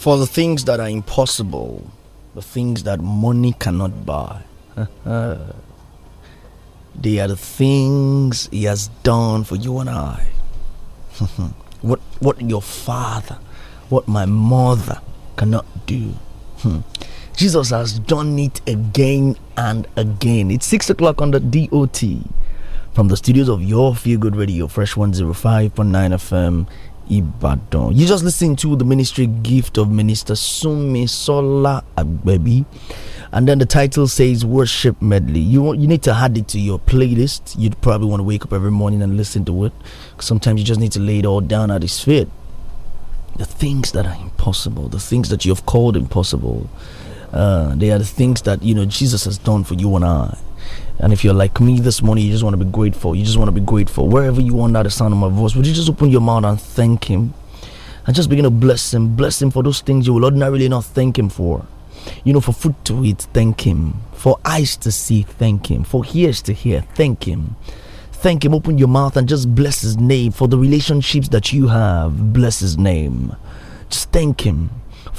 for the things that are impossible, the things that money cannot buy. they are the things He has done for you and I. what what your father, what my mother cannot do. Jesus has done it again and again. It's six o'clock on the DOT from the studios of Your Feel Good Radio, Fresh 105.9 FM Ibadan. You just listen to the ministry gift of Minister Sumi Sola Agbebi, and then the title says Worship Medley. You want, you need to add it to your playlist. You'd probably want to wake up every morning and listen to it. Sometimes you just need to lay it all down at His feet. The things that are impossible, the things that you have called impossible, uh, they are the things that you know Jesus has done for you and I. And if you're like me this morning, you just want to be grateful. You just want to be grateful. Wherever you are, the sound of my voice, would you just open your mouth and thank Him? And just begin to bless Him. Bless Him for those things you will ordinarily not thank Him for. You know, for food to eat, thank Him. For eyes to see, thank Him. For ears to hear, thank Him. Thank Him. Open your mouth and just bless His name. For the relationships that you have, bless His name. Just thank Him.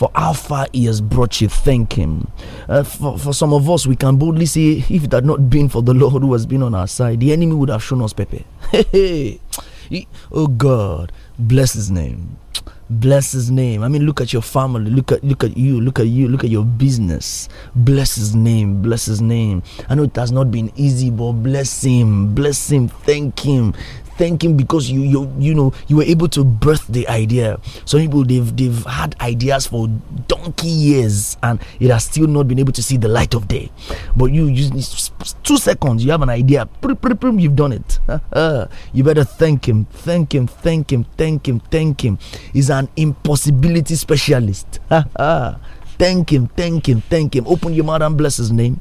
For how far He has brought you, thank Him. Uh, for, for some of us, we can boldly say, if it had not been for the Lord who has been on our side, the enemy would have shown us Pepe. oh God, bless His name bless his name i mean look at your family look at look at you look at you look at your business bless his name bless his name i know it has not been easy but bless him bless him thank him thank him because you you you know you were able to birth the idea. Some people they've they've had ideas for donkey years and it has still not been able to see the light of day. But you use two seconds, you have an idea, you've done it. you better thank him, thank him, thank him, thank him, thank him. He's an impossibility specialist. thank him, thank him, thank him. Open your mouth and bless his name.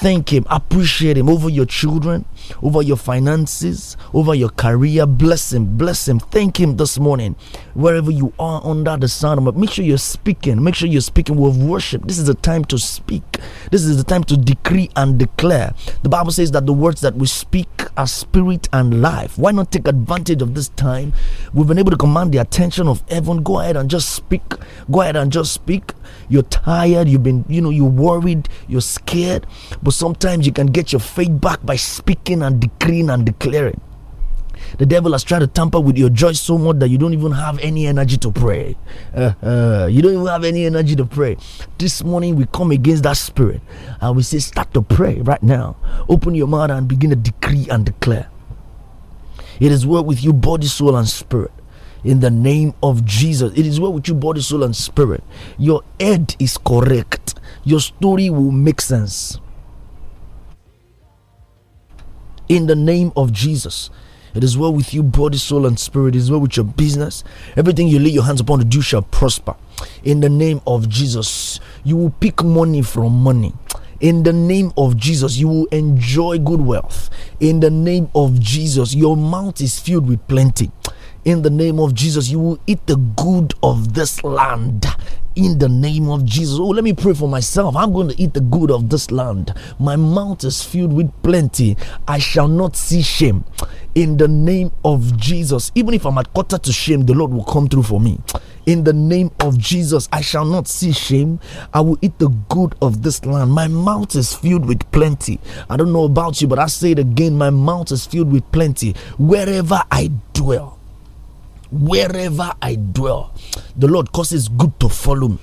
Thank Him, appreciate Him over your children, over your finances, over your career. Bless Him, bless Him. Thank Him this morning, wherever you are under the sun. But make sure you're speaking, make sure you're speaking with worship. This is the time to speak, this is the time to decree and declare. The Bible says that the words that we speak are spirit and life. Why not take advantage of this time? We've been able to command the attention of heaven. Go ahead and just speak, go ahead and just speak. You're tired, you've been, you know, you're worried, you're scared. But sometimes you can get your faith back by speaking and decreeing and declaring. The devil has tried to tamper with your joy so much that you don't even have any energy to pray. Uh, uh, you don't even have any energy to pray. This morning we come against that spirit and we say, Start to pray right now. Open your mouth and begin to decree and declare. It is well with you, body, soul, and spirit. In the name of Jesus, it is well with you, body, soul, and spirit. Your head is correct. Your story will make sense in the name of Jesus. It is well with you, body, soul, and spirit. It is well with your business. Everything you lay your hands upon to do shall prosper. In the name of Jesus, you will pick money from money. In the name of Jesus, you will enjoy good wealth. In the name of Jesus, your mouth is filled with plenty in the name of Jesus. You will eat the good of this land in the name of Jesus. Oh, let me pray for myself. I'm going to eat the good of this land. My mouth is filled with plenty. I shall not see shame in the name of Jesus. Even if I'm at quarter to shame, the Lord will come through for me. In the name of Jesus, I shall not see shame. I will eat the good of this land. My mouth is filled with plenty. I don't know about you, but I say it again my mouth is filled with plenty wherever I dwell wherever I dwell. The Lord causes good to follow me.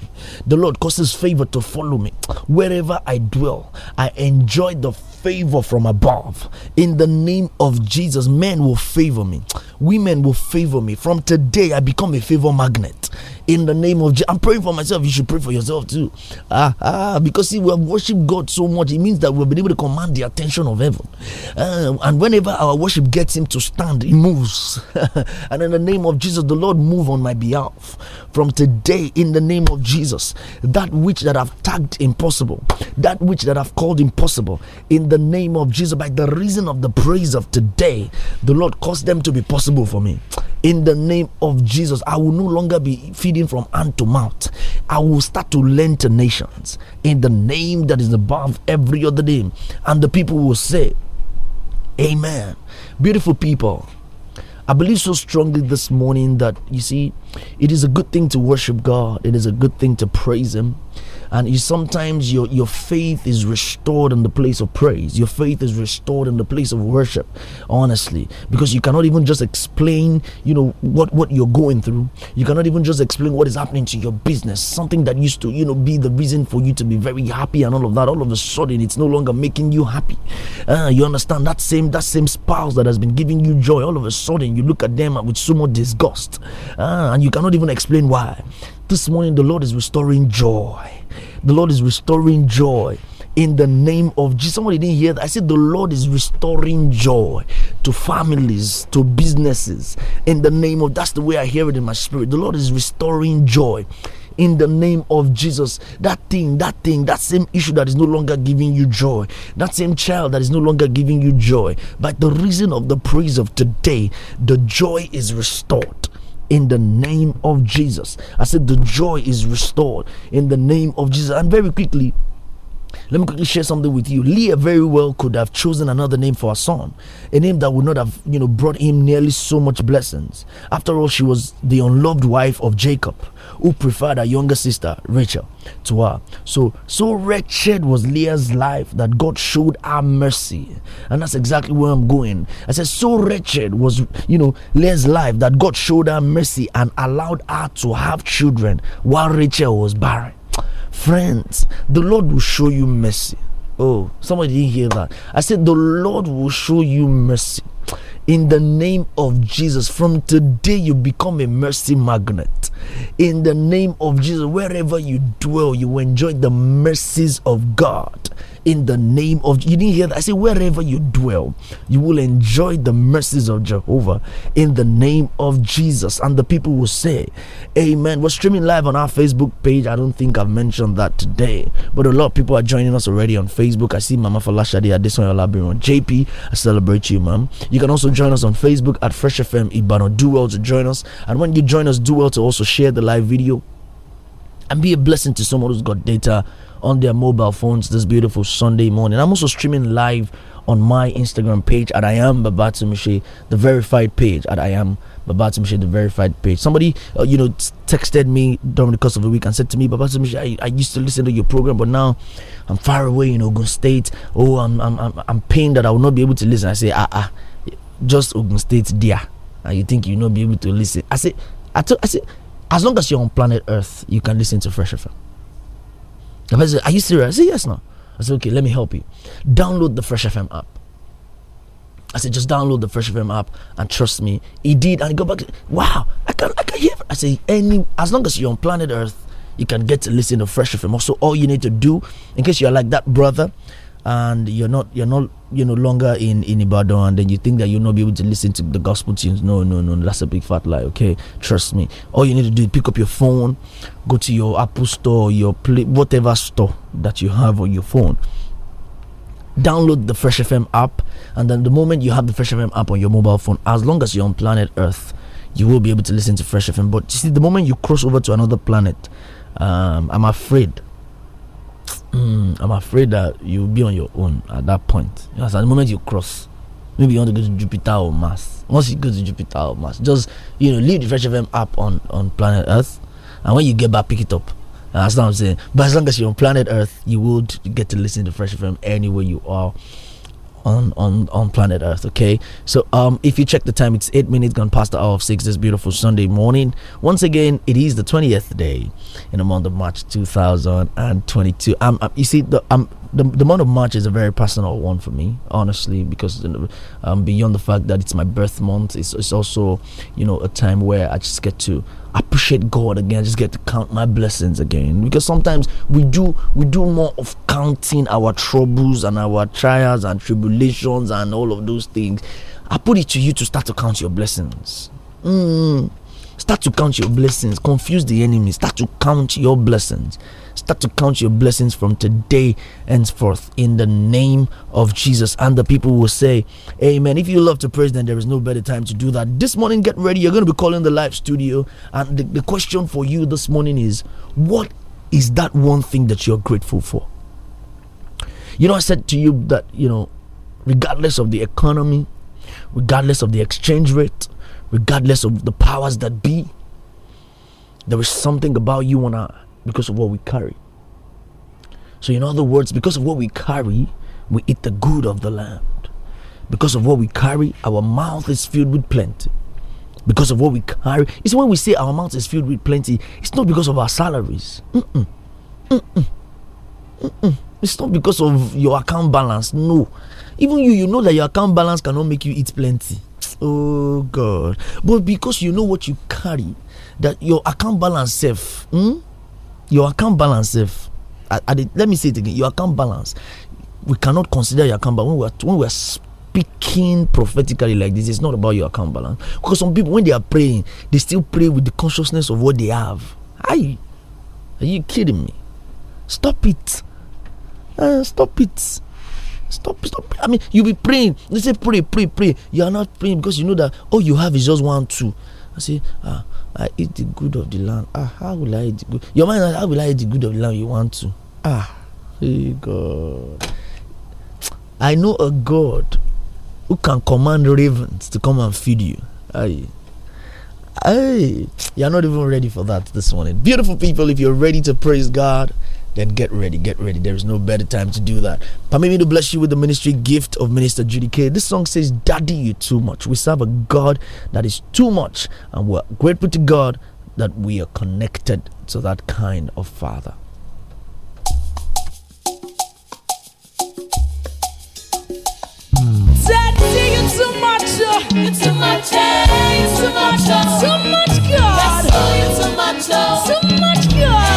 The Lord causes favor to follow me. Wherever I dwell, I enjoy the favor from above. In the name of Jesus, men will favor me. Women will favor me. From today, I become a favor magnet. In the name of Jesus, I'm praying for myself. You should pray for yourself too. Ah, ah, because see, we have worshiped God so much, it means that we've been able to command the attention of heaven. Uh, and whenever our worship gets him to stand, he moves. and in the name of Jesus, the Lord move on my behalf. From today, in the name of Jesus, Jesus. That which that i have tagged impossible, that which that i have called impossible, in the name of Jesus, by the reason of the praise of today, the Lord caused them to be possible for me. In the name of Jesus, I will no longer be feeding from hand to mouth. I will start to lend to nations in the name that is above every other name. And the people will say, Amen. Beautiful people I believe so strongly this morning that you see, it is a good thing to worship God, it is a good thing to praise Him, and you sometimes your your faith is restored in the place of praise your faith is restored in the place of worship honestly because you cannot even just explain you know what what you're going through you cannot even just explain what is happening to your business something that used to you know be the reason for you to be very happy and all of that all of a sudden it's no longer making you happy uh, you understand that same that same spouse that has been giving you joy all of a sudden you look at them with so much disgust uh, and you cannot even explain why this morning, the Lord is restoring joy. The Lord is restoring joy in the name of Jesus. Somebody didn't hear that. I said, The Lord is restoring joy to families, to businesses. In the name of that's the way I hear it in my spirit. The Lord is restoring joy in the name of Jesus. That thing, that thing, that same issue that is no longer giving you joy, that same child that is no longer giving you joy, by the reason of the praise of today, the joy is restored in the name of Jesus. I said, the joy is restored in the name of Jesus. And very quickly, let me quickly share something with you. Leah very well could have chosen another name for her son, a name that would not have, you know, brought him nearly so much blessings. After all, she was the unloved wife of Jacob who preferred her younger sister, Rachel, to her. So, so wretched was Leah's life that God showed her mercy. And that's exactly where I'm going. I said, so wretched was, you know, Leah's life that God showed her mercy and allowed her to have children while Rachel was barren. Friends, the Lord will show you mercy. Oh, somebody didn't hear that. I said, the Lord will show you mercy in the name of Jesus. From today, you become a mercy magnet. In the name of Jesus, wherever you dwell, you enjoy the mercies of God in the name of you didn't hear that. I say wherever you dwell, you will enjoy the mercies of Jehovah in the name of Jesus. And the people will say, Amen. We're streaming live on our Facebook page. I don't think I've mentioned that today, but a lot of people are joining us already on Facebook. I see Mama Falashadi at this one on JP. I celebrate you, ma'am. You can also join us on Facebook at Fresh FM Ibano. Do well to join us. And when you join us, do well to also share the live video and be a blessing to someone who's got data on their mobile phones this beautiful Sunday morning. I'm also streaming live on my Instagram page at I am Babatunde, the verified page at I am Babatunde, the verified page. Somebody, uh, you know, texted me during the course of the week and said to me, Babatunde, I, I used to listen to your program, but now I'm far away in Ogun State. Oh, I'm, I'm, I'm, I'm pained that I will not be able to listen. I say, ah, ah, just Ogun State, dear. And you think you'll not be able to listen. I say, I I say, as long as you're on planet Earth, you can listen to Fresh FM. The person said, Are you serious? I said, Yes, no. I said, Okay, let me help you. Download the Fresh FM app. I said, just download the Fresh FM app and trust me. He did, and he got back. Wow, I can I can hear. I say any as long as you're on planet Earth, you can get to listen to Fresh FM. Also, all you need to do, in case you're like that brother, and you're not you're not you know longer in in Ibadan and then you think that you'll not be able to listen to the gospel tunes no no no that's a big fat lie okay trust me all you need to do is pick up your phone go to your Apple store your play whatever store that you have on your phone download the Fresh FM app and then the moment you have the Fresh FM app on your mobile phone as long as you're on planet earth you will be able to listen to Fresh FM but you see the moment you cross over to another planet um, I'm afraid mm, I'm afraid that you'll be on your own at that point. Because at the moment you cross, maybe you want to go to Jupiter or Mars. Once you go to Jupiter or Mars, just you know, leave the Fresh FM app on on planet Earth, and when you get back, pick it up. That's what I'm saying. But as long as you're on planet Earth, you would get to listen to Fresh FM anywhere you are on on on planet Earth. Okay, so um, if you check the time, it's eight minutes gone past the hour of six this beautiful Sunday morning. Once again, it is the twentieth day in the month of March two thousand and twenty-two. Um, um, you see, the um, the, the month of March is a very personal one for me, honestly, because um, beyond the fact that it's my birth month, it's, it's also you know a time where I just get to appreciate God again. I just get to count my blessings again. Because sometimes we do we do more of counting our troubles and our trials and tribulations and all of those things. I put it to you to start to count your blessings. Mm. Start to count your blessings. Confuse the enemy. Start to count your blessings. Start to count your blessings from today henceforth in the name of Jesus. And the people will say, Amen. If you love to praise, then there is no better time to do that. This morning, get ready. You're going to be calling the live studio. And the, the question for you this morning is, What is that one thing that you're grateful for? You know, I said to you that, you know, regardless of the economy, regardless of the exchange rate, regardless of the powers that be, there is something about you and I because of what we carry. So, in other words, because of what we carry, we eat the good of the land. Because of what we carry, our mouth is filled with plenty. Because of what we carry, it's when we say our mouth is filled with plenty, it's not because of our salaries. Mm-mm. Mm-mm. Mm-mm. It's not because of your account balance. No. Even you, you know that your account balance cannot make you eat plenty. Oh, God. But because you know what you carry, that your account balance safe. Mm? your account balance if I, I let me say it again your account balance we cannot consider your account balance when we are, when we are speaking prophetically like this it's not about your account balance because some people when they are praying they still pray with the consciousness of what they have I, are you kidding me stop it uh, stop it stop stop i mean you be praying they say pray pray pray you are not praying because you know that all you have is just one two I say, ah, I eat the good of the land. Ah, how will I eat the good? Your mind, how will I eat the good of the land? You want to? Ah, hey God. I know a God who can command ravens to come and feed you. Aye. Hey, you're not even ready for that this morning. Beautiful people, if you're ready to praise God, then get ready, get ready. There is no better time to do that. Permit me to bless you with the ministry gift of Minister Judy K. This song says, Daddy, you too much. We serve a God that is too much, and we're grateful to God that we are connected to that kind of Father. Daddy, you too much. Uh, you're too much. Eh, you're too much. Uh. Too much God. Yes, oh, you're too much. Uh. Too much God.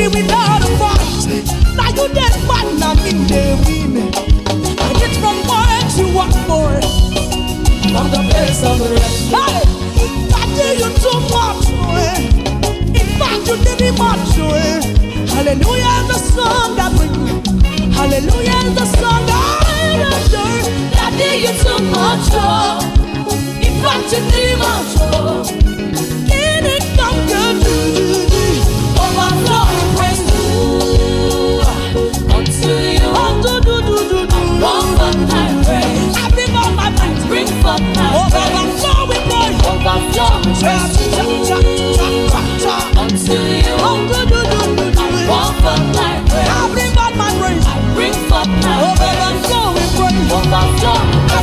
me without a fight. Now you dead man, I mean they women. I get from what to want more. From the place of rest. Hey, I tell you too much, eh? In fact, you did it much, eh? Hallelujah, the song that bring me. Hallelujah, the song that I did you too much, eh? In fact, you did much, eh? Can it come to you? I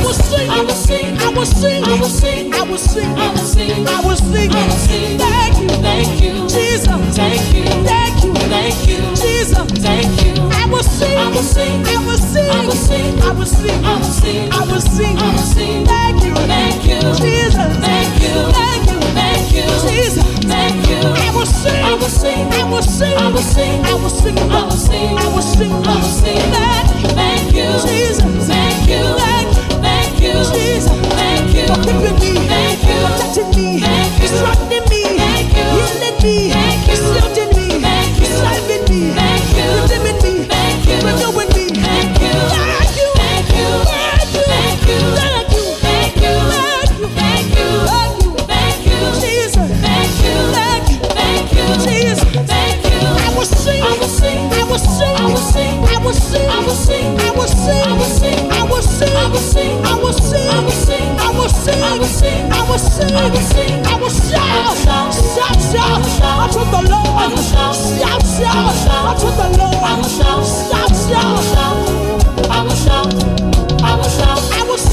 will sing, I will sing, thank you, thank you, Jesus, thank you, thank you thank you, Jesus. Thank you. I will sing, I will sing, I will sing, I will sing, I will sing, I will sing, I will sing, I will sing. Thank you, Jesus. Thank you, thank you, Jesus. Thank you for keeping me, thank you for touching me, thank you for instructing me, thank you healing me, thank you I will sing, I will sing, I will sing, I will sing, I will sing, I will sing, I will sing, I will sing, I will sing, I will sing, I will sing, I will shout, I will sing, I will shout, shout, shout, unto the Lord, shout, shout, unto the Lord, shout, shout, I will shout, I will shout.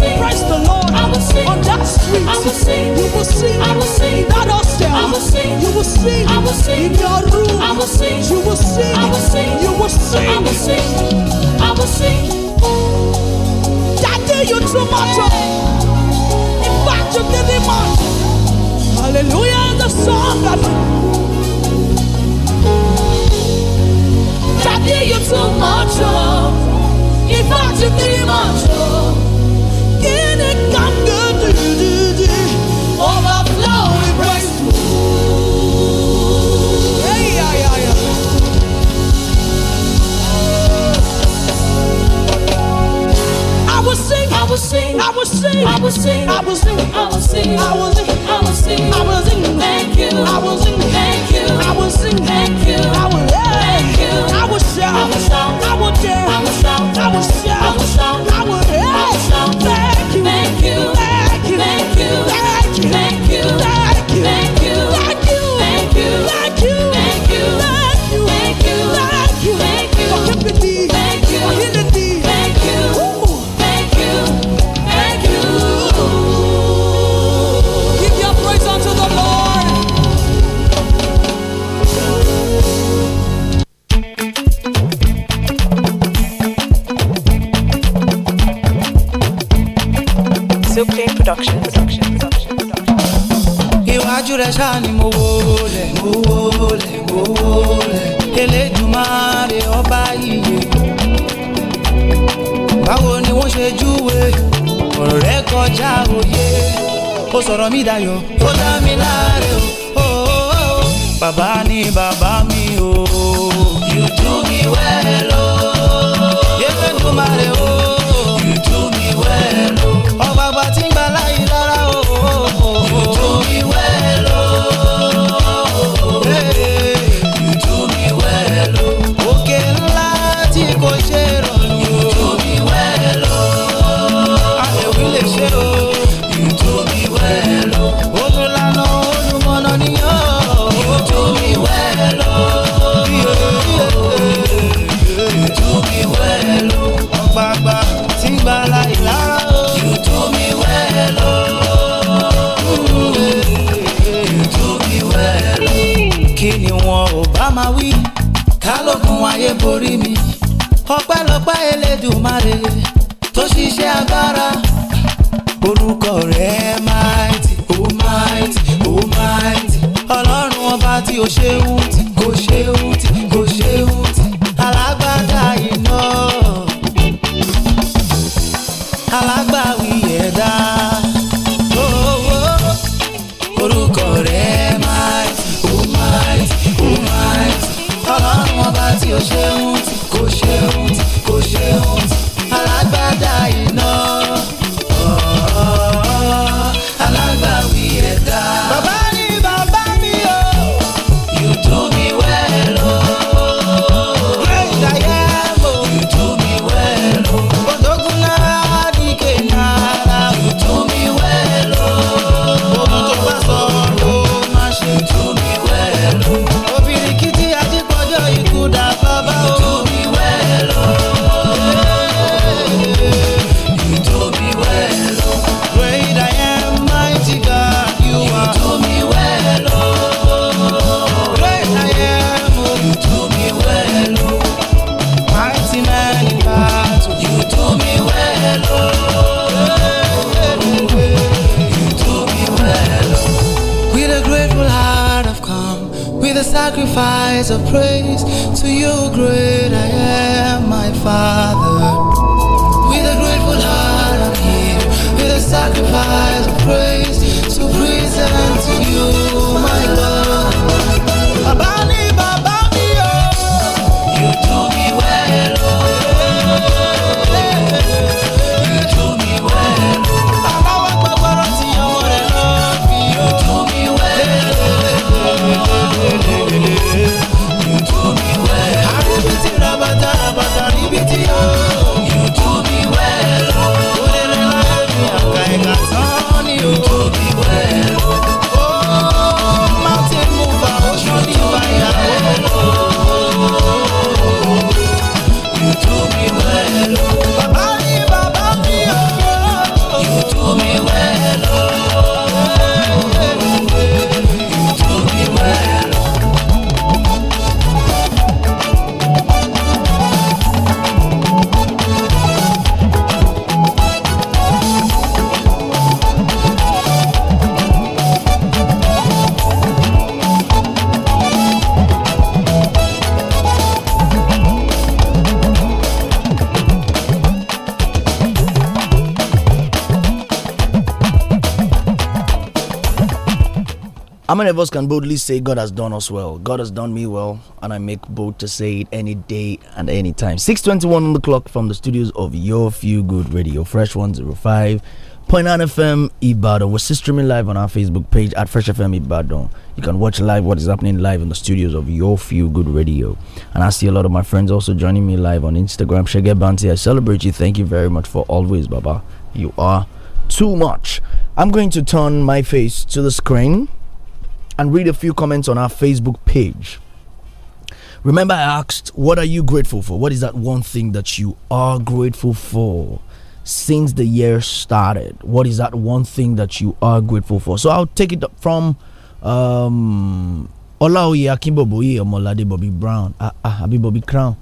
sing. Praise the Lord. I will sing. On that street, I will sing. You will sing, I will sing. In that hostel, I will sing. You will sing. I will sing. In your room, I will sing. You will sing. I will sing. You will sing. I will sing. I will sing. Daddy, you too much. In fact, you give him much. Hallelujah, the song that. Daddy, you too much. sing, I will sing, I will sing, I will sing, I will sing, I will sing, I will sing, I will sing, thank you, I will sing, thank you, I will sing, thank you, I will thank you, I will shout, I will shout, I will dance, I will shout, I will shout. Ọlámídayọ̀ ó dá mi láre o. Oh, oh, oh, bàbá ni bàbá mi. be the sacrifice of praise to you, great I am, my Father. With a grateful heart, I'm here. With a sacrifice of praise. How many of us can boldly say, God has done us well? God has done me well, and I make bold to say it any day and any time. 621 on the clock from the studios of Your Few Good Radio, Fresh One Zero Five Point Nine FM Ibadan. We're still streaming live on our Facebook page at Fresh FM Ibadan. You can watch live what is happening live in the studios of Your Feel Good Radio. And I see a lot of my friends also joining me live on Instagram. Shege Banti, I celebrate you. Thank you very much for always, Baba. You are too much. I'm going to turn my face to the screen and read a few comments on our Facebook page. Remember, I asked, What are you grateful for? What is that one thing that you are grateful for since the year started? What is that one thing that you are grateful for? So I'll take it from um, Olaoye Akinboboye Omolade Bobby Brown, uh, "Abi Bobby Crown.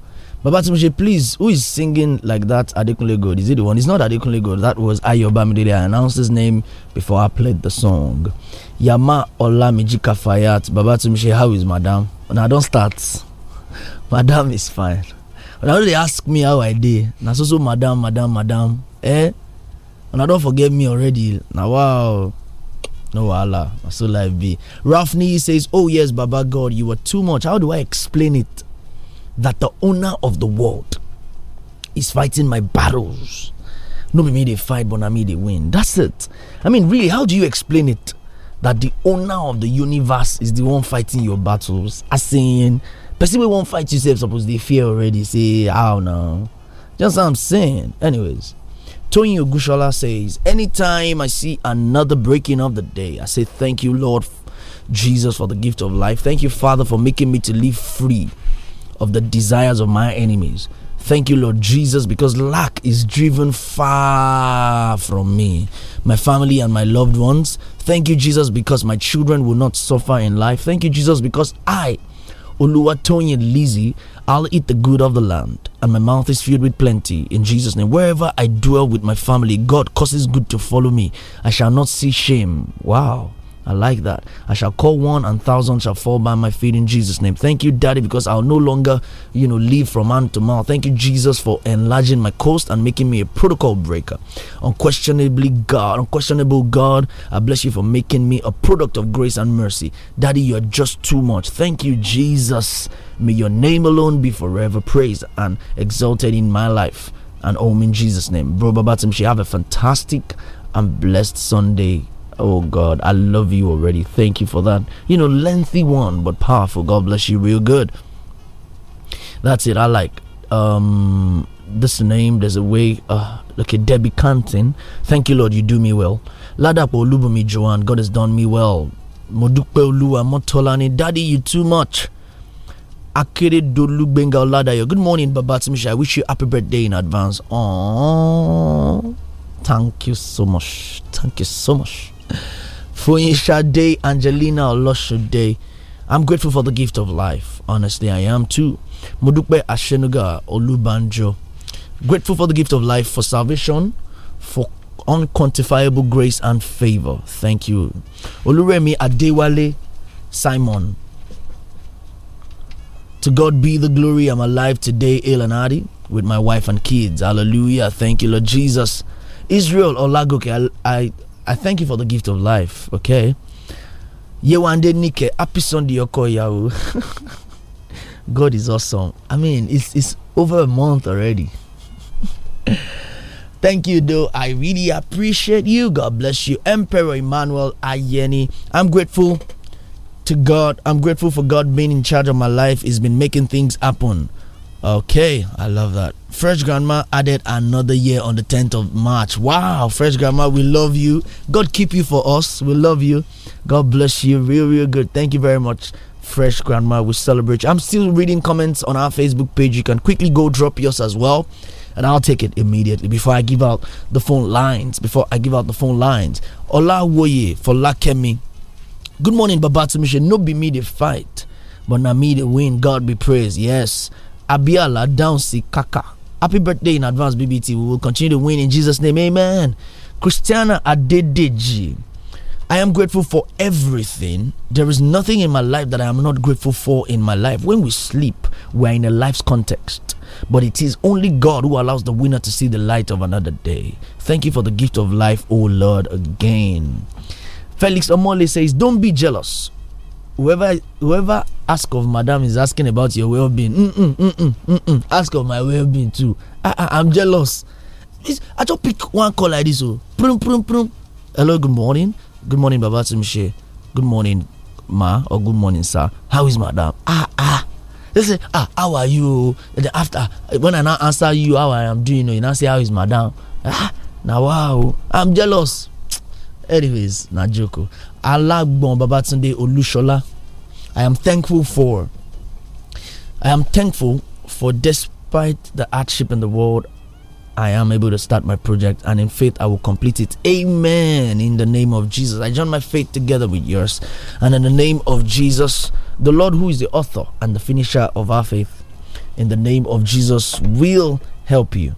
Babatunde, please, who is singing like that Adekunle God? Is it the one? It's not Adekunle God. That was Ayo I announced his name before I played the song. Yama Olamiji fayat. Babatunde, how is madam? Now don't start. Madam is fine. Now they ask me how I did. Now so so madam, madam, madam. Eh? And I don't forget me already. Now wow. No Allah. So life be. Rafni says, Oh yes, Baba God, you were too much. How do I explain it? that the owner of the world is fighting my battles. No be me they fight, but na me they win. That's it. I mean, really, how do you explain it that the owner of the universe is the one fighting your battles? As saying, person we won't fight yourself, suppose they fear already. Say, don't know. Just what I'm saying. Anyways, Tony Ogushola says, Anytime I see another breaking of the day, I say, Thank you, Lord Jesus, for the gift of life. Thank you, Father, for making me to live free of the desires of my enemies. Thank you, Lord Jesus, because lack is driven far from me, my family, and my loved ones. Thank you, Jesus, because my children will not suffer in life. Thank you, Jesus, because I, Oluwatoyin Lizzie, I'll eat the good of the land, and my mouth is filled with plenty. In Jesus' name, wherever I dwell with my family, God causes good to follow me. I shall not see shame. Wow. I like that. I shall call one and thousands shall fall by my feet in Jesus' name. Thank you, Daddy, because I'll no longer, you know, live from hand to mouth. Thank you, Jesus, for enlarging my coast and making me a protocol breaker. Unquestionably God, unquestionable God, I bless you for making me a product of grace and mercy. Daddy, you're just too much. Thank you, Jesus. May your name alone be forever praised and exalted in my life and home in Jesus' name. Bro Babatim, she have a fantastic and blessed Sunday. Oh God, I love you already. Thank you for that. You know, lengthy one, but powerful. God bless you, real good. That's it. I like um this name. There's a way. Uh, okay, Debbie Canton. Thank you, Lord. You do me well. Ladapo Olubumi Joanne. God has done me well. Modupe Olua Motolani. Daddy, you too much. Akeredolu Benga Ladayo. Good morning, Baba I wish you a happy birthday in advance. Oh, thank you so much. Thank you so much day, Angelina day. I'm grateful for the gift of life. Honestly, I am too. Mudupe Ashenuga Olubanjo. Grateful for the gift of life, for salvation, for unquantifiable grace and favor. Thank you. Oluremi Adewale Simon. To God be the glory. I'm alive today, ill and with my wife and kids. Hallelujah. Thank you, Lord Jesus. Israel Olagoke, I, I I thank you for the gift of life, okay? Yewande Nike, happy Sunday, Okoyao. God is awesome. I mean, it's it's over a month already. Thank you, though. I really appreciate you. God bless you, Emperor Emmanuel Ayeni. I'm grateful to God. I'm grateful for God being in charge of my life. He's been making things happen. Okay, I love that. Fresh Grandma added another year on the 10th of March. Wow, Fresh Grandma, we love you. God keep you for us. We love you. God bless you. Real, real good. Thank you very much, Fresh Grandma. We celebrate you. I'm still reading comments on our Facebook page. You can quickly go drop yours as well. And I'll take it immediately before I give out the phone lines. Before I give out the phone lines. Ola Woye for Lakemi. Good morning, Should No be me the fight, but na me the win. God be praised. Yes. Abiala Downsi Kaka. Happy birthday in advance, BBT. We will continue to win in Jesus' name. Amen. Christiana Adedeji. I am grateful for everything. There is nothing in my life that I am not grateful for in my life. When we sleep, we are in a life's context. But it is only God who allows the winner to see the light of another day. Thank you for the gift of life, O Lord, again. Felix Omole says, Don't be jealous whoever whoever ask of madam is asking about your well-being mm-mm, mm-mm, mm-mm. ask of my well-being too I, ah, am ah, jealous it's, i just pick one call like this oh prum prum prum hello good morning good morning baba Timshe. good morning ma or good morning sir how is madam ah ah they say ah how are you and after when i now answer you how i am doing oh, you now say how is madam ah now wow i'm jealous anyways na joke oh. Alagbon Babatunde Olushola. I am thankful for. I am thankful for despite the hardship in the world, I am able to start my project and in faith I will complete it. Amen. In the name of Jesus. I join my faith together with yours. And in the name of Jesus, the Lord who is the author and the finisher of our faith, in the name of Jesus, will help you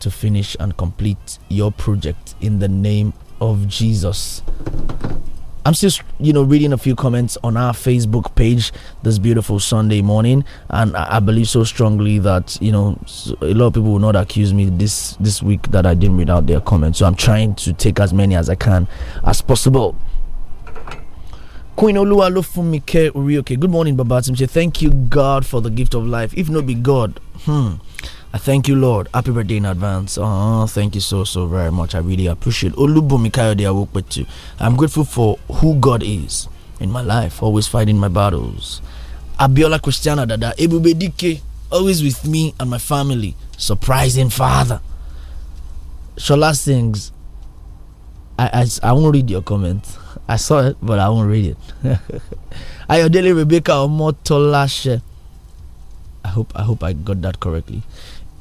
to finish and complete your project in the name of Jesus. I'm still, you know, reading a few comments on our Facebook page this beautiful Sunday morning, and I, believe so strongly that you know a lot of people will not accuse me this this week that I didn't read out their comments. So I'm trying to take as many as I can as possible. Queen Olua uri Urioke. Good morning, Babatimche. Thank you, God, for the gift of life. If not be God, hmm. I thank you, Lord. Happy birthday in advance. Oh, thank you so, so very much. I really appreciate Olubumi Kayode I work with you. I'm grateful for who God is in my life, always fighting my battles. Abiola Christiana Dada, Ebube Dike, always with me and my family. Surprising Father. Shola sings. I, I, I won't read your comment. I saw it, but I won't read it. Ayodele Rebecca Omotolashe. I hope I hope I got that correctly.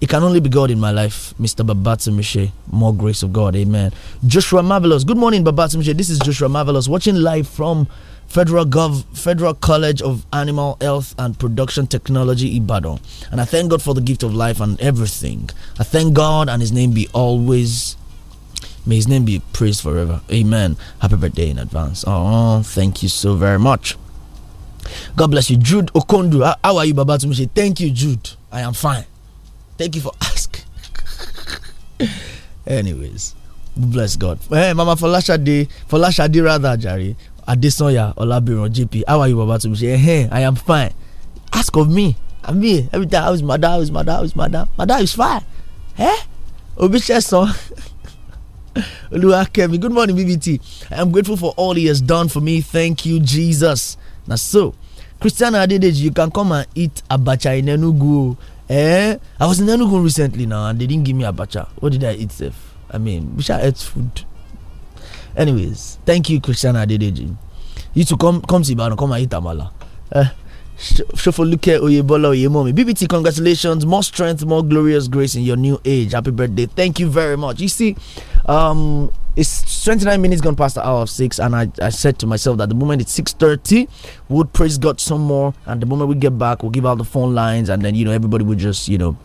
It can only be God in my life, Mr. Babatsumishe. More grace of God. Amen. Joshua Marvelous. Good morning, Babatsumishe. This is Joshua Marvelous, watching live from Federal Gov Federal College of Animal Health and Production Technology Ibadan. And I thank God for the gift of life and everything. I thank God and his name be always May his name be praised forever. Amen. Happy birthday in advance. Oh, thank you so very much. God bless you. Jude Okondu, how are you, Babatunde? Thank you, Jude. I am fine. Thank you for asking. Anyways, bless God. Hey, Mama Falasha Day, Falasha Day rather, Jari. Adesoya Olabiron GP. How are you, Baba Tumishi? Hey, I am fine. Ask of me. I'm me. Every time, how is my dad? How is my dad? How is my dad? My dad is fine. Hey, eh? Obicheson. Oluwakemi. Good morning, BBT. I am grateful for all he has done for me. Thank you, Jesus. Now, so, Christiana Adedeji, you can come and eat abacha in Enugu. Eh? I was in Enugu recently now and they didn't give me abacha. What did I eat, Seth? I mean, we shall eat food. Anyways, thank you, Christian Adedeji. You to come come to Ibadan, come and eat Amala. Eh? Shofoluke Oyebola Oyemomi. BBT, congratulations. More strength, more glorious grace in your new age. Happy birthday. Thank you very much. You see, um, it's 29 minutes gone past the hour of six and I, I said to myself that the moment it's 6.30 we'll praise god some more and the moment we get back we'll give out the phone lines and then you know everybody will just you know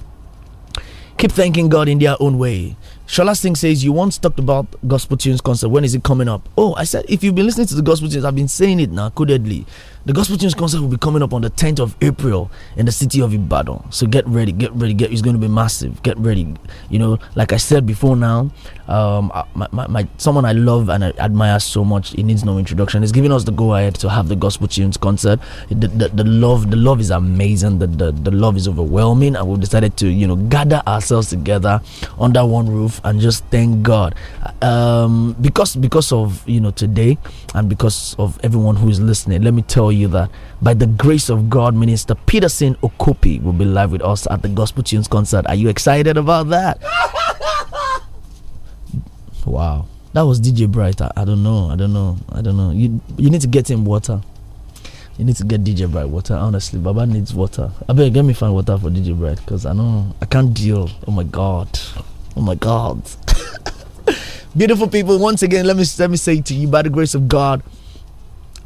keep thanking god in their own way Shola Singh says, You once talked about Gospel Tunes concert. When is it coming up? Oh, I said, if you've been listening to the Gospel Tunes, I've been saying it now, codedly. The Gospel Tunes concert will be coming up on the 10th of April in the city of Ibadan. So get ready, get ready, get. It's going to be massive. Get ready. You know, like I said before now, um, my, my, my someone I love and I admire so much, he needs no introduction. He's giving us the go ahead to have the Gospel Tunes concert. The, the, the, love, the love is amazing. The, the, the love is overwhelming. And we've decided to, you know, gather ourselves together under one roof and just thank God. Um, because because of you know today and because of everyone who is listening, let me tell you that by the grace of God, Minister Peterson Okopi will be live with us at the Gospel Tunes concert. Are you excited about that? wow. That was DJ Bright. I, I don't know. I don't know. I don't know. You you need to get him water. You need to get DJ Bright water. Honestly, Baba needs water. I better get me find water for DJ Bright because I know I can't deal. Oh my God. Oh my God. Beautiful people, once again, let me let me say to you, by the grace of God,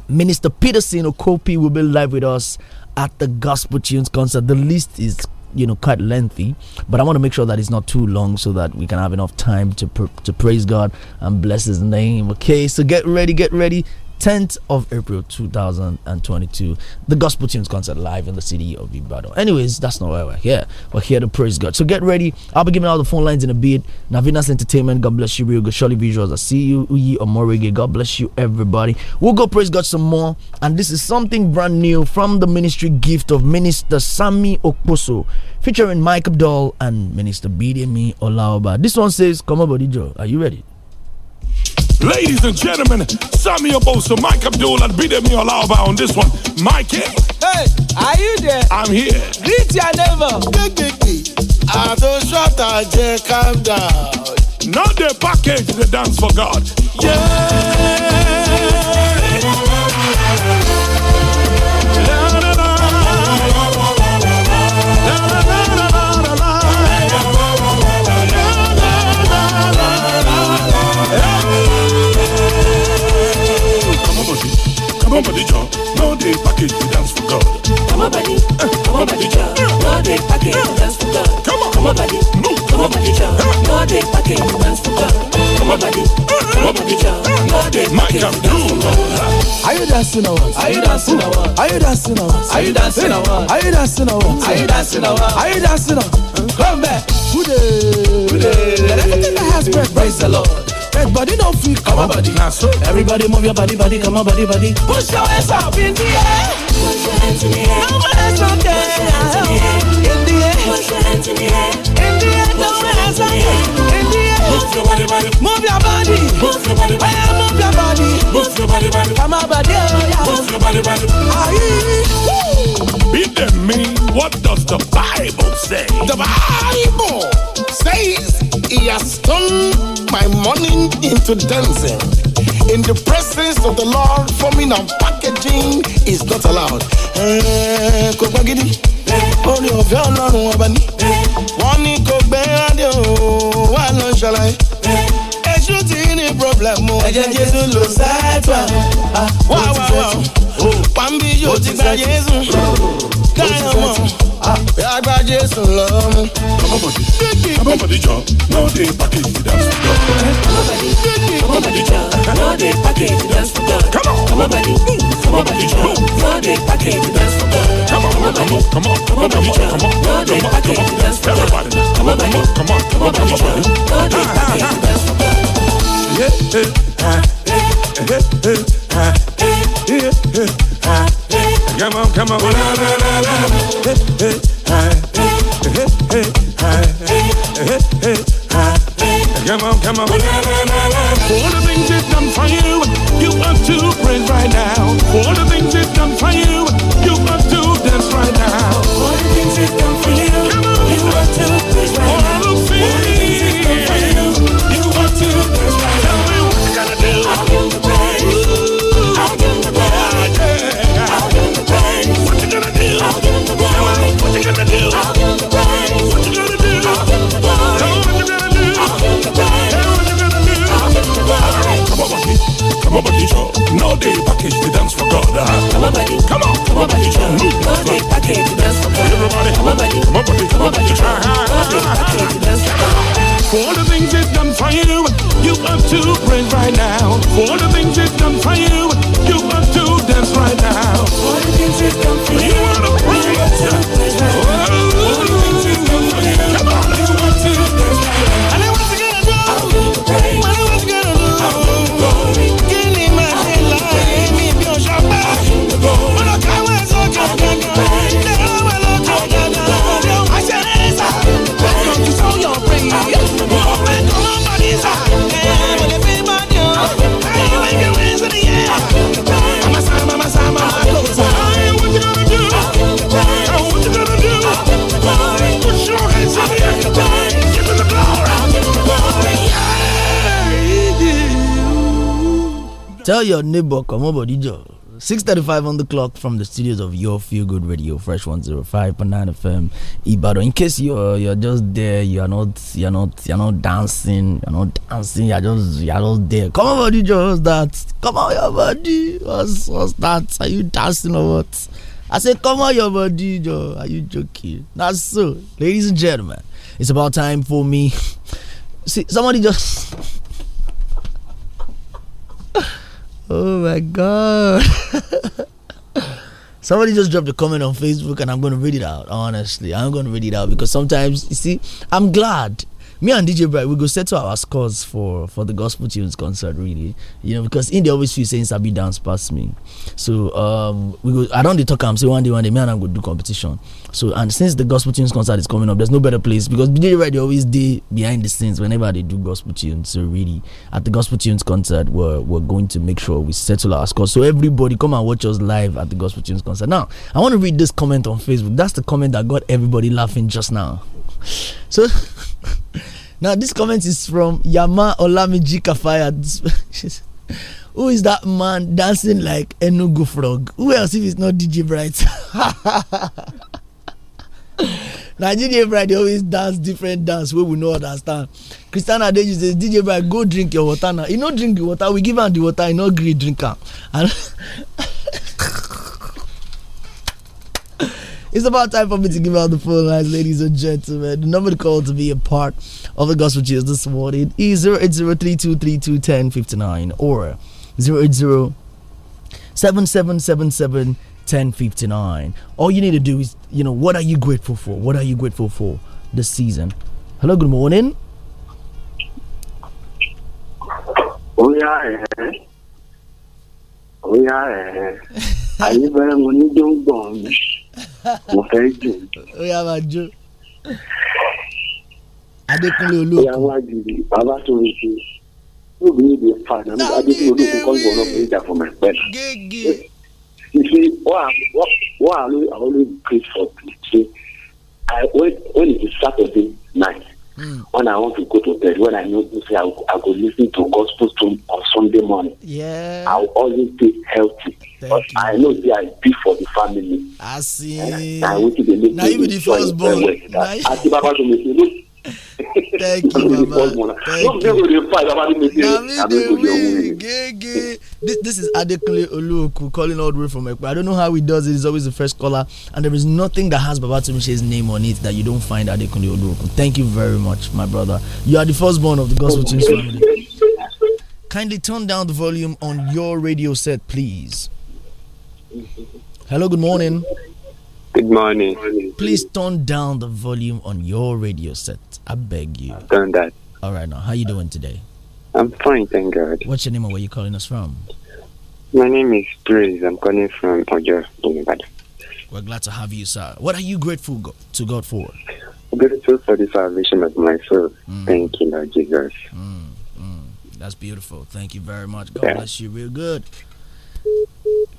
Minister Peterson Okopi will be live with us at the Gospel Tunes concert. The list is you know quite lengthy but i want to make sure that it's not too long so that we can have enough time to pr- to praise god and bless his name okay so get ready get ready 10th of April 2022, the gospel tunes concert live in the city of Ibadan. Anyways, that's not why we're here. We're here to praise God. So get ready. I'll be giving out the phone lines in a bit. Navinas Entertainment, God bless you, Real Surely Visuals. I see you, Uyi Omorege. God bless you, everybody. We'll go praise God some more. And this is something brand new from the ministry gift of Minister Sami Okposo, featuring Mike Abdul and Minister BDME Olaoba. This one says, Come on, body Joe. Are you ready? Ladies and gentlemen, Samuel Obosa, Mike Abdul, and Bidemi Olava on this one. Mikey. Eh? Hey, are you there? I'm here. Greet your neighbor. I don't shut I just calm down. Not the package, the dance for God. Yeah. Come on, the jump. No day package, we dance for God. Come on, buddy. Come on, buddy jump. No day package, we dance for God. Come on, come on, buddy. Come on, buddy jump. No day package, we dance for God. Come on, buddy. Come on, buddy jump. No day package, we dance for God. Are you dancing or what? Are you dancing or what? Are you dancing or what? Are you dancing or what? Are you dancing or what? Are you dancing now? Are you dancing now? Come back. Today. Today. Let everything that has breath praise the Lord. Dead body no not come on body. Now so everybody move your body, body, come on body, body. Push your hands up in the air. Push your hands in the air. No hands up In the air. Push your hands in the air. In the air. No hands In the air. Move your body, body. your body. body, Move your body. Move your body, body. Come on body, oh yeah. your body, body. Aye. Beat them me. What does the Bible say? The Bible says. He has turned my morning into dancing. In the presence of the Lord, forming and packaging is not allowed. Eh, kò gbá gidi, orí ọ̀fẹ́ Ọlọ́run ọba ní. Wọ́n ní kò gbé rádìò wà lọ́n ṣàlàyé. ṣé tí ní problem o. ẹ jẹ́ jésù ló sáàtọ̀ wá wá wá pàmí yóò ti gba jésù káyọ̀ mọ̀ yàgbá jésù lọ́mú. ọmọbọdì ọmọbọdì jọ no dey package the dance floor. ọmọbọdì ọmọbọdì jọ no dey package the dance floor. ọmọbọdì ọmọbọdì jọ no dey package the dance floor. ọmọbọdì ọmọbọdì jọ no dey package the dance floor. ọmọbọdì ọmọbọdì jọ no dey package the dance floor. Come on, come on. Come on, come on. For the things it done for you, you are to praise right now. For the things it done for you, you are to dance right now. For the things it done for you, you are to praise to do? What you to do? what you to do. what you to do. Come on, Come on, for Come on, Come on, come on, the come on, Come on, come on, things you, have done for you, you have to dance right now. For the things he's done for you. Tell your neighbor, come over, DJ. 6.35 on the clock from the studios of Your Feel Good Radio, Fresh 105.9 FM, Ibadan. In case you're, you're just there, you're not, you're not, you're not dancing, you're not dancing, you're just, you're just there. Come over, Dijo, what's that? Come on, your body, what's, what's that? Are you dancing or what? I said, come on, your body, Dijo. Are you joking? That's so. Ladies and gentlemen, it's about time for me. See, somebody just... Oh my God. Somebody just dropped a comment on Facebook and I'm going to read it out. Honestly, I'm going to read it out because sometimes, you see, I'm glad me and DJ Bright, we go settle our scores for for the gospel tunes concert, really. You know, because in the always feel saying Sabi dance past me. So um we go I don't dey talk am saying one day one day me and I go do competition. So and since the gospel tunes concert is coming up, there's no better place because DJ Bright they always dey behind the scenes whenever they do gospel tunes. So really at the gospel tunes concert we're we're going to make sure we settle our scores. So everybody come and watch us live at the gospel tunes concert. Now I want to read this comment on Facebook. That's the comment that got everybody laughing just now. So now this comment is from Yama Olamiji Kafaya. Who is that man dancing like Enugu frog? Who else if it's not DJ Bright? na DJ Bright dey always dance different dance wey we no understand. Christian Adeju say DJ Bright go drink your water now. He no drink the water we give am the water he no gree drink am. It's about time for me to give out the phone lines, ladies and gentlemen. The number to call to be a part of the gospel cheers this morning is 08032321059 or 080 1059. All you need to do is, you know, what are you grateful for? What are you grateful for this season? Hello, good morning. We are here. We are here. Are you better when you don't mo fẹ́ jò. ó yá máa jó. adékúnlé olóòkú. ìyá wa jìbì bàbá tó ń ṣe lóbi yìí dey fa na adékúnlé olóòkú kọ́ ìbọn náà fún ìjà fún mi pẹ́ na. gègé. ìfi wọ́n àlọ́ àwọn olóòkú kìí sọ̀tù ṣe when it is Saturday night. Mm. When I want to go to bed, when I know this, I, I go listen to gospel to, on Sunday morning. Yeah. I will always stay healthy. but I know they I big for the family. I see. And eh, I, I want to be making now, even the first born. Well. Now, thank you baba thank you na me gege this this is adekunle oluoku calling all the way from ekpe i don't know how he does it he's always the first caller and there is nothing that has babatunde's name on it that you don't find adekunle oluoku thank you very much my brother you are the firstborn of the gospel Team family kindly turn down the volume on your radio set please hello good morning. Good morning. Please turn down the volume on your radio set, I beg you. I've done that. All right, now how you doing today? I'm fine, thank God. What's your name and where you calling us from? My name is Grace. I'm calling from Ojo, Ibadan. We're glad to have you, sir. What are you grateful go to God for? I'm grateful for the salvation of my soul. Mm. Thank you, Lord Jesus. Mm, mm. That's beautiful. Thank you very much. God yeah. bless you real good.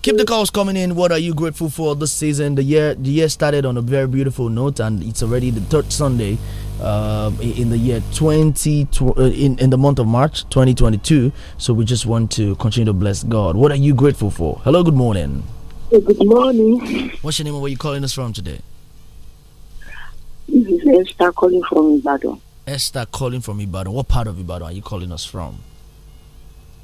Keep the calls coming in. What are you grateful for this season? The year the year started on a very beautiful note and it's already the third Sunday um, in the year 20 uh, in, in the month of March 2022. So we just want to continue to bless God. What are you grateful for? Hello, good morning. Good morning. What's your name and where you calling us from today? This is Esther calling from Ibadan. Esther calling from Ibadan. What part of Ibadan are you calling us from?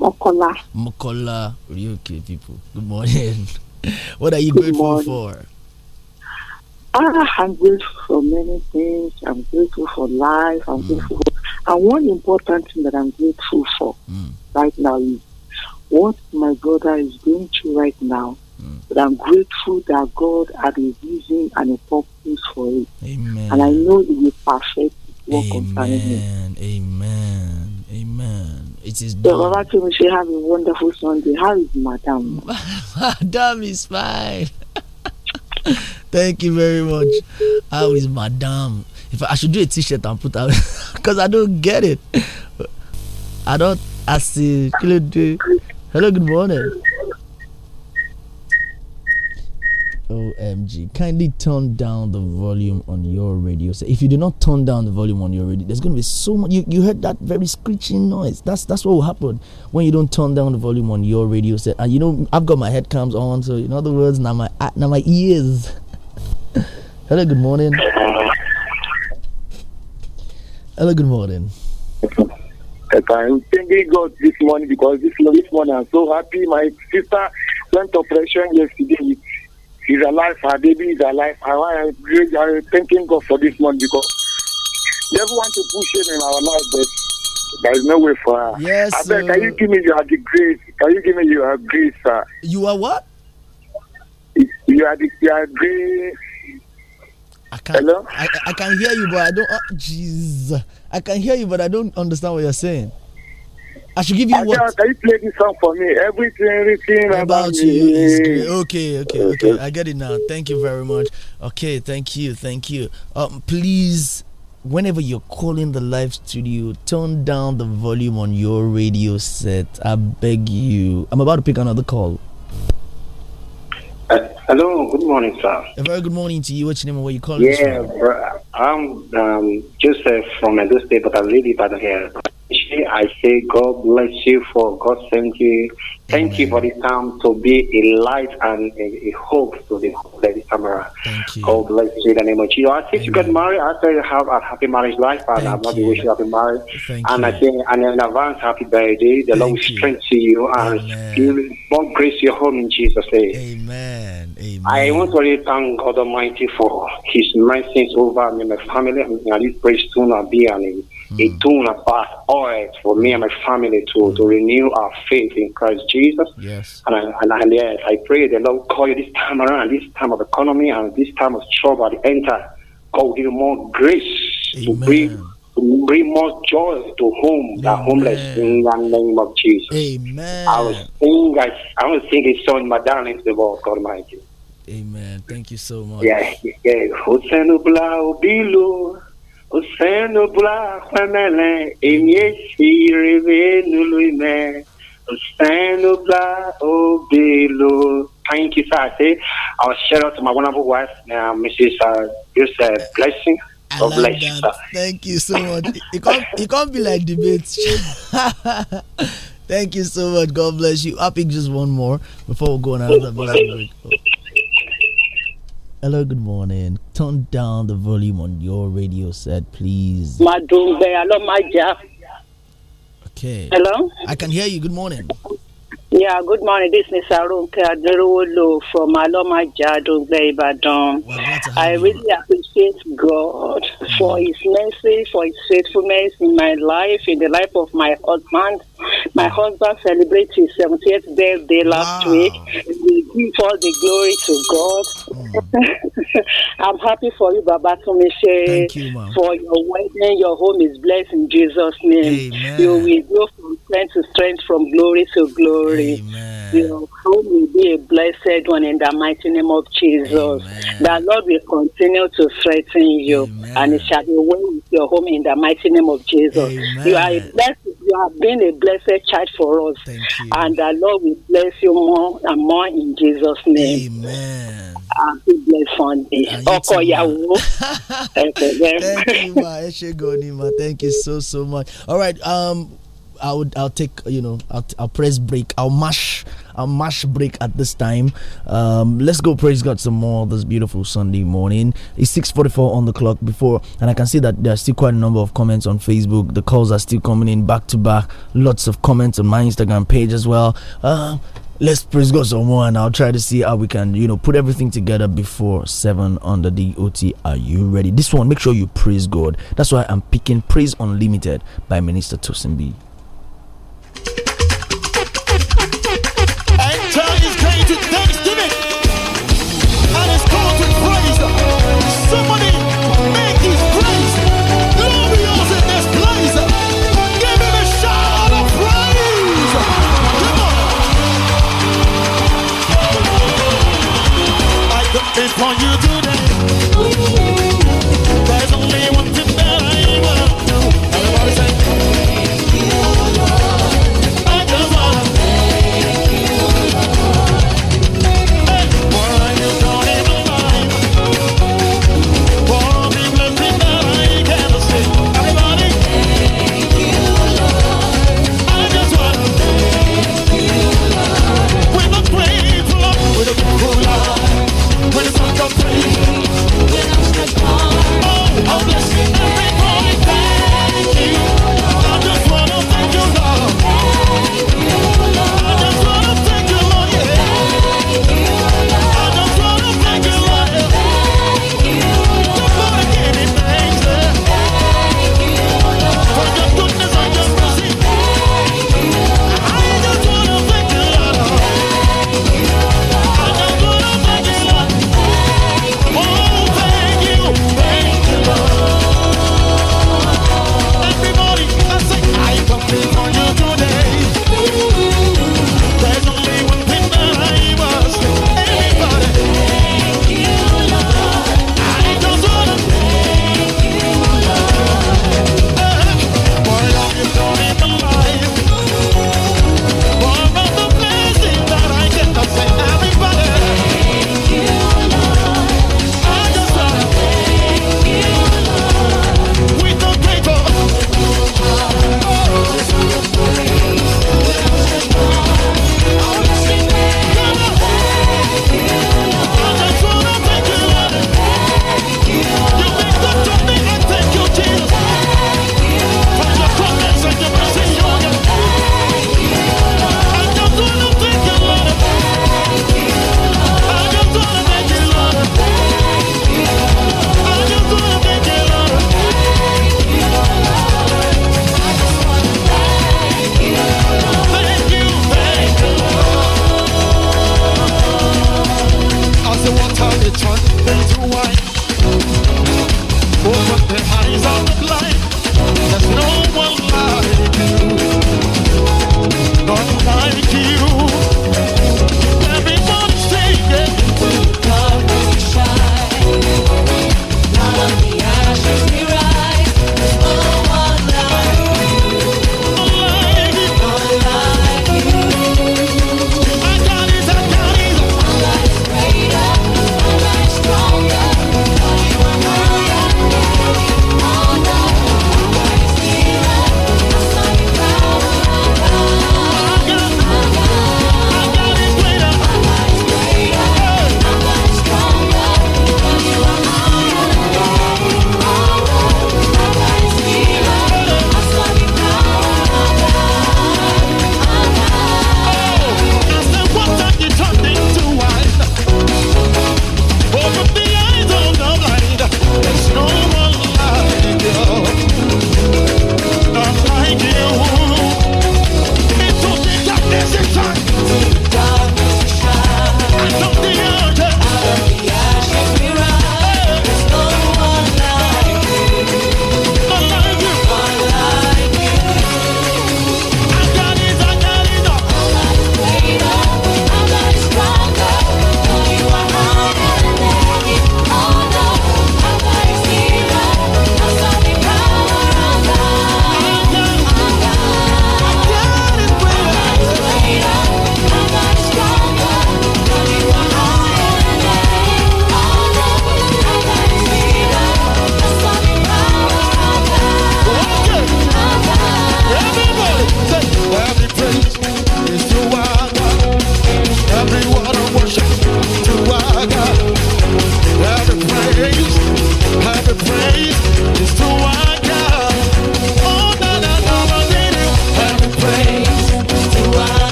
Mokola. Mokola, okay, people. Good morning. what are you good grateful for? Ah, I'm grateful for many things. I'm grateful for life. I'm mm. grateful. For, and one important thing that I'm grateful for mm. right now is what my brother is going through right now. Mm. But I'm grateful that God had a vision and a purpose for it. Amen. And I know He will perfect work Amen. Amen. Amen. It is done. So, Baba should have a wonderful Sunday. How is Madame? Madame is fine. Thank you very much. How is Madame? If I, I should do a T-shirt and put out because I don't get it. I don't. I see. Hello, good morning. OMG. Kindly turn down the volume on your radio. So if you do not turn down the volume on your radio, there's going to be so much. You, you heard that very screeching noise. That's that's what will happen when you don't turn down the volume on your radio set. And you know, I've got my head cams on, so in other words, now my uh, now my ears. Hello, good morning. Hello, good morning. I'm thanking God this morning because this, this morning I'm so happy. My sister went operation yesterday He's alive, her baby is alive. I, I, I thanking God for this month because never want to push him in our life, but there is no way for her. Yes. I beg, uh, can you give me your grace? Can you give me your grace, sir? You are what? You are the you are grace. I can Hello? I, I can hear you, but I don't. Oh, uh, jeez. I can hear you, but I don't understand what you're saying. I should give you I what? Can, you play this song for me? Everything everything about, about you is great. Okay, okay, okay. I get it now. Thank you very much. Okay, thank you, thank you. Um, please, whenever you're calling the live studio, turn down the volume on your radio set. I beg you. I'm about to pick another call. Uh, hello, good morning, sir. A very good morning to you. What's your name and where you calling? Yeah, bro, I'm um, Joseph from Edo State, but I live in here. I say God bless you for God thank you. Thank Amen. you for this time to be a light and a, a hope to the lady Samara. Thank you. God bless you in the name of Jesus. I Amen. you got married after you have a happy marriage life and I'm not wish you happy marriage. Thank and you. I think and in advance happy birthday. The Lord strengthen to you and Amen. God grace your home in Jesus' name. Amen. Amen. I want to really thank God Almighty for his mercies over me, my family and this praise soon I'll be on it a tune bath oil for me and my family to, mm. to renew our faith in Christ Jesus. Yes. And I, and, I, yes, I pray the Lord call you this time around, this time of economy and this time of trouble enter. God give you more grace Amen. to bring bring more joy to home that homeless in the name of Jesus. Amen. I was, guys, I, I will sing so in my darling, the world, God Almighty. Amen. Thank you so much. Yeah, yeah. Useno bla kwenele imyeshi revenu luime. Useno bla obelo. Thank you, sir. I say our shout out to my wonderful wife, uh, Mrs. Uh, just a blessing. I God like bless that. you, Thank you so much. It can't, it can't be like debates. Thank you so much. God bless you. I'll pick just one more before we go on another break. Hello, good morning turn down the volume on your radio set, please? Okay. Hello? I can hear you. Good morning. Yeah, good morning. This is Arunke Aderowolo from Alomaja, Dogbe, Ibadan. I really appreciate God for mm. His mercy, for His faithfulness in my life, in the life of my husband, my husband celebrated his 70th birthday last wow. week. We give all the glory to God. Mm. I'm happy for you, Baba Tomishe. Thank you, Mom. For your wedding, your home is blessed in Jesus' name. Amen. You will go from strength to strength, from glory to glory. Amen. Your home will be a blessed one in the mighty name of Jesus. Amen. The Lord will continue to strengthen you, Amen. and it shall be well with your home in the mighty name of Jesus. You are blessed. You have been a blessed child for us. And the Lord will bless you more and more in Jesus' name. Amen. Happy blessed Sunday. Ọkọ Thank you, ma. Ẹ ṣe Thank you so so much. All right. Um, I would. I'll take. You know. I'll. I'll press break. I'll mash a mash break at this time. Um, let's go praise God some more this beautiful Sunday morning. It's 6:44 on the clock before, and I can see that there are still quite a number of comments on Facebook. The calls are still coming in back to back. Lots of comments on my Instagram page as well. Uh, let's praise God some more, and I'll try to see how we can, you know, put everything together before seven on the DOT. Are you ready? This one, make sure you praise God. That's why I'm picking Praise Unlimited by Minister Tosin B. on you.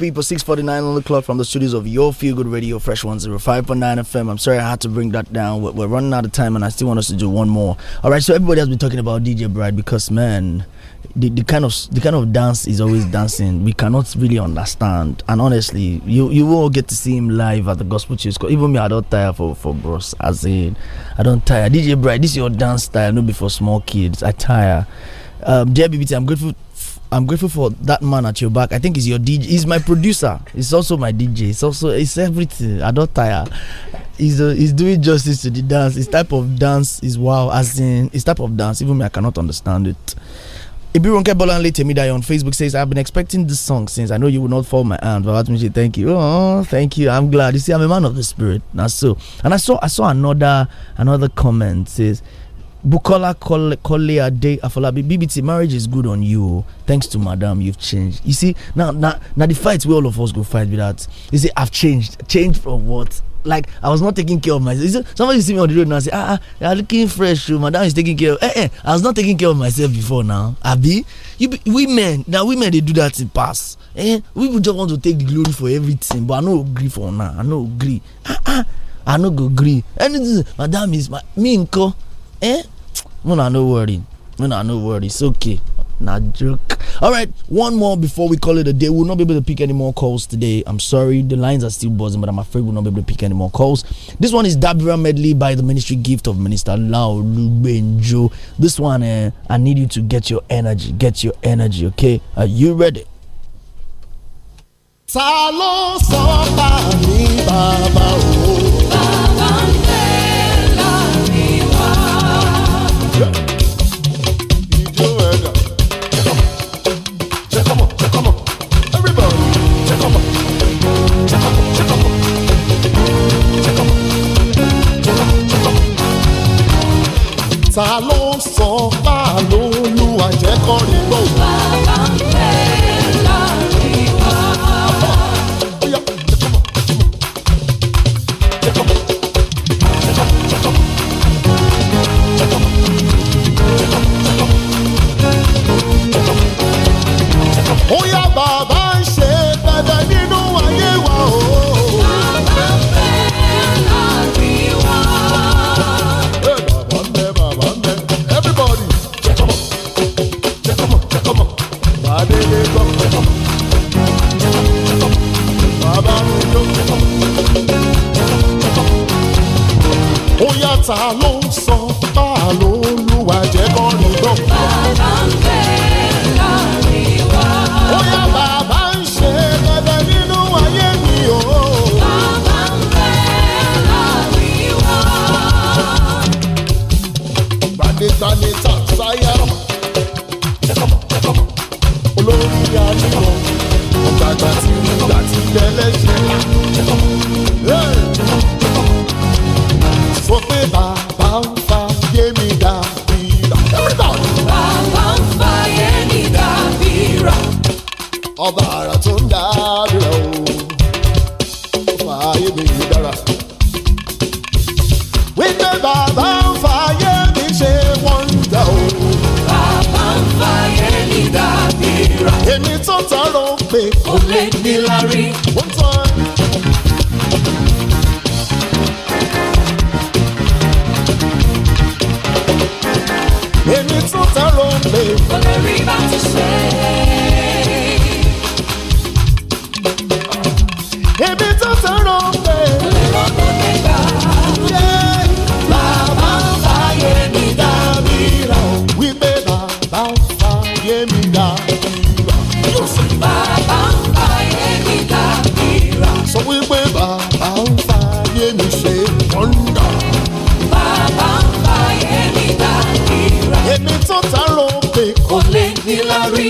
people, 649 on the clock from the studios of Your Feel Good Radio, Fresh 105.9 FM. I'm sorry I had to bring that down. We're, we're, running out of time and I still want us to do one more. All right, so everybody has been talking about DJ Bride because, man, the, the kind of the kind of dance is always dancing. We cannot really understand. And honestly, you you will get to see him live at the gospel church. Even me, I don't tire for for bros. As in, I don't tire. DJ Bride, this is your dance style, No, before small kids. I tire. Um, dear BBT, I'm grateful I'm grateful for that man at your back. I think he's your DJ. He's my producer. He's also my DJ. He's also it's everything. I don't tire. He's a, uh, he's doing justice to the dance. His type of dance is wow. As in his type of dance, even me I cannot understand it. Ibironke Bolanle Temidai on Facebook says, I've been expecting this song since I know you will not fall my hand. me say? thank you. Oh, thank you. I'm glad. You see, I'm a man of the spirit. Now so. And I saw I saw another another comment says Bukola Kole Ade Afolabi BBT marriage is good on you. Thanks to madam, you've changed. You see, now now now the fight we all of us go fight with that. You see, I've changed. Changed from what? Like I was not taking care of myself. somebody see me on the road now and say, ah, ah you are looking fresh, you oh, madam is taking care of. Eh, eh, I was not taking care of myself before now. Abi, you be, women now women they do that in past. Eh, we just want to take the glory for everything, but I no agree for now. I no agree. Ah, ah, I no go agree. Anything, madam is my minko eh una no worry una no worry it's okay na joke all right one more before we call it a day we'll not be able to pick any more calls today i'm sorry the lines are still buzzing but i'm afraid we'll not be able to pick any more calls this one is dabira medley by the ministry gift of minister lao lubenjo this one eh, i need you to get your energy get your energy okay are you ready ta ló sọ bá mi bàbá Salo. Hillary.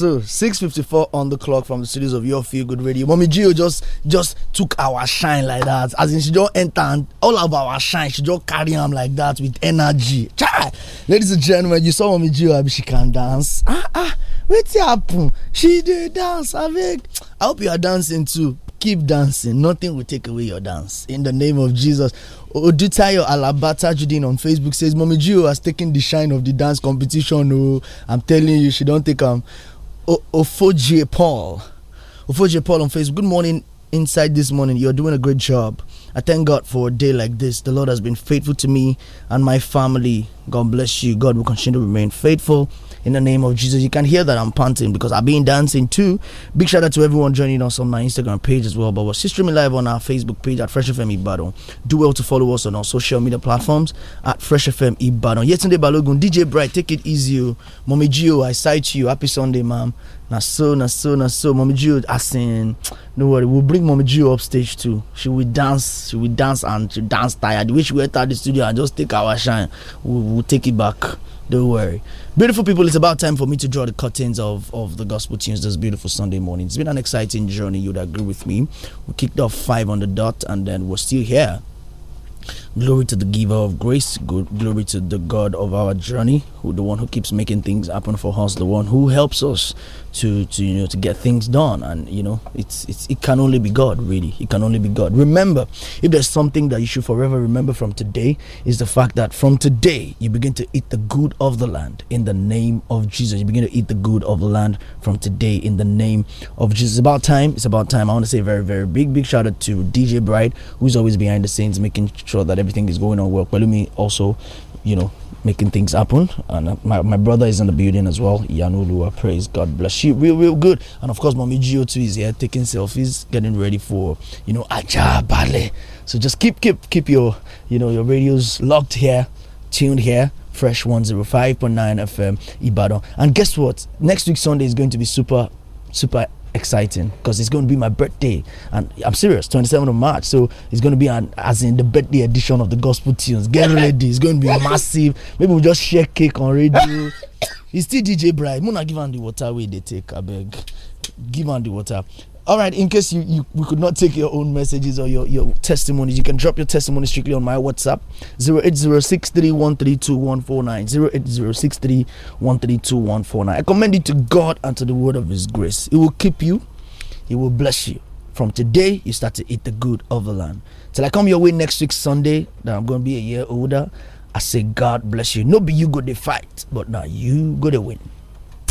So 6:54 on the clock from the studios of Your Feel Good Radio. Mommy Gio just just took our shine like that. As in, she just entered all of our shine. She just carry them like that with energy. Chai! Ladies and gentlemen, you saw Mommy Gio. I mean, she can dance. Ah ah, what's happen? She did dance. I mean, I hope you are dancing too. Keep dancing. Nothing will take away your dance. In the name of Jesus. Odutayo Alabata Judin on Facebook says, Mommy Gio has taken the shine of the dance competition. Oh, I'm telling you, she don't take them. Um, Ofoje Paul. Ofoje Paul on Facebook. Good morning, Inside This Morning. You're doing a great job. I thank God for a day like this. The Lord has been faithful to me and my family. God bless you. God will continue to remain faithful in the name of Jesus. You can hear that I'm panting because I've been dancing too. Big shout out to everyone joining us on my Instagram page as well. But we're streaming live on our Facebook page at Fresh FM Ibadan. Do well to follow us on our social media platforms at Fresh FM Ibadan. Yetunde Balogun, DJ Bright, take it easy. Oh. Mommy Gio, I sight you. Happy Sunday, ma'am. Na so, na so, na so. Mommy Gio, asin. No worry, we'll bring Mommy Gio up stage too. She will dance, she will dance and she dance tired. We we enter the studio and just take our shine. We'll, we'll take it back. Don't worry. Beautiful people, it's about time for me to draw the curtains of, of the gospel tunes this beautiful Sunday morning. It's been an exciting journey, you'd agree with me. We kicked off five on the dot and then we're still here. Glory to the giver of grace. Glory to the God of our journey, who the one who keeps making things happen for us, the one who helps us to to you know to get things done. And you know, it's it's it can only be God, really. It can only be God. Remember, if there's something that you should forever remember from today, is the fact that from today you begin to eat the good of the land in the name of Jesus. You begin to eat the good of the land from today in the name of Jesus. It's about time. It's about time. I want to say very, very big, big shout out to DJ Bright, who's always behind the scenes making sure that everything is going on well. Pelumi also, you know, making things happen. And uh, my, my brother is in the building as well, Yanulua. Praise God bless you. Real, real good. And of course, Mommy Gio too is here taking selfies, getting ready for, you know, Aja Bale. So just keep, keep, keep your, you know, your radios locked here, tuned here. Fresh 105.9 FM Ibadan. And guess what? Next week Sunday is going to be super, super exciting because it's going to be my birthday and i'm serious 27th of march so it's going to be an as in the birthday edition of the gospel tunes get ready it's going to be massive maybe we'll just share cake on radio it's still dj bright muna give am the water wey they take beg, give am the water all right, in case you, you we could not take your own messages or your, your testimonies, you can drop your testimony strictly on my WhatsApp 080631321490. 080631321490. I commend it to God and to the word of his grace. It will keep you, it will bless you. From today, you start to eat the good of the land. Till I come your way next week, Sunday, that I'm going to be a year older. I say, God bless you. No, be you go to fight, but now you go to win.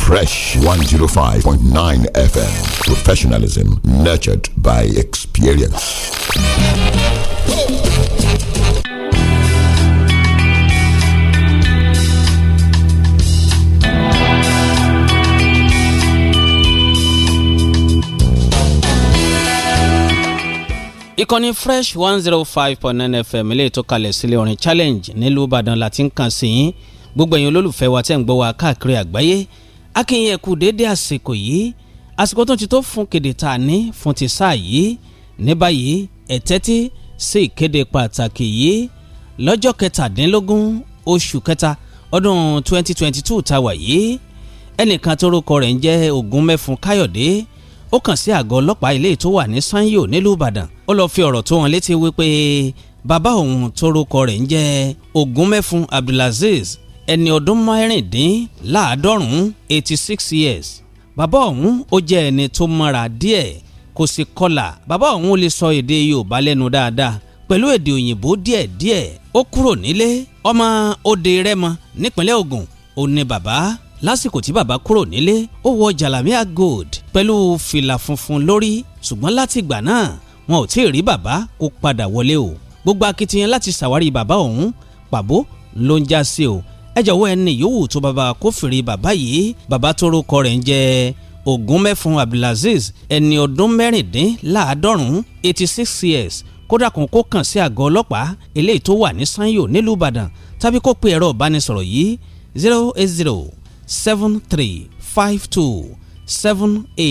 Fresh 105.9 FM. Professionalism nurtured by experience. ìkànnì fresh one zero oh five point nine fm ilé ètò kalẹ̀ sílé orin challenge nílùú ìbàdàn la ti ń kàn sí yín gbogbo ẹ̀yin olólùfẹ́ wa tẹ́ ń gbọ́ wa káàkiri àgbáyé akínyìn ẹ̀kú déédé àsìkò yìí àsìkò tó ti tó fún kéde tá a ní fún ti sáà yìí ní báyìí ẹ tẹ́tí sí pàtàkì yìí lọ́jọ́ kẹtàdínlógún oṣù kẹta ọdún 2022 tá a wà yìí ẹnìkan tó rúkọ rẹ̀ ń jẹ́ Ògúnmẹ́fun Káyọ̀dé ó kàn sí àgọ́ ọlọ́pàá ilé tó wà ní Sanyo nílùú Ìbàdàn ó lọ́ọ́ fi ọ̀rọ̀ tó wọn létí wípé bàbá òun tó rúkọ rẹ̀ ń jẹ́ Ògúnmẹ́fun Abdulazeez ẹni ọdún mẹ́rìndínláàádọ́rùn-ún eighty six years bàbá ọ̀hún ó jẹ́ ẹni tó mọ́ra díẹ̀ kò sì kọlà bàbá ọ̀hún ó lè sọ èdè Yorùbá lẹ́nu dáadáa pẹ̀lú èdè òyìnbó díẹ̀díẹ̀ ó kúrò nílé ọmọ òde Rẹ́mọ nípínlẹ̀ Ògùn ó ní bàbá lásìkò tí bàbá kúrò nílé ó wọ jàlámíà gold pẹ̀lú fìlà funfun lórí ṣùgbọ́n látìgbà náà wọn ò tí ì rí bàbá kó padà wọlé o gbogbo akitiyan láti ṣàwárí bàbá ọ̀hún pàbó ló ń já sí o ẹ jọ̀wọ́ ẹni yòówù tó bàbá kófìrí bàbá yìí bàbá tó rúkọ rẹ̀ ń jẹ́ Ògúnmẹ́fun Abdulaziz ẹni ọdún mẹ́rìndínláàádọ́rùn-ún eighty six years kódà kan kó kàn sí àgọ́ ọlọ́pàá eléyìí tó wà ní Sanyo nílùú Ìbàdàn tàbí kó pe ẹ̀rọ ìbánisọ̀rọ̀ yìí zero eight zero seven three five two seven eight.